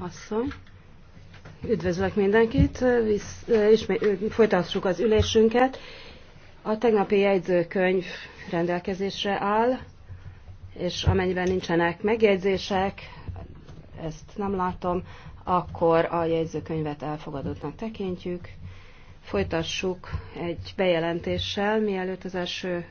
asszony. Üdvözlök mindenkit, és ismét, folytassuk az ülésünket. A tegnapi jegyzőkönyv rendelkezésre áll, és amennyiben nincsenek megjegyzések, ezt nem látom, akkor a jegyzőkönyvet elfogadottnak tekintjük. Folytassuk egy bejelentéssel, mielőtt az első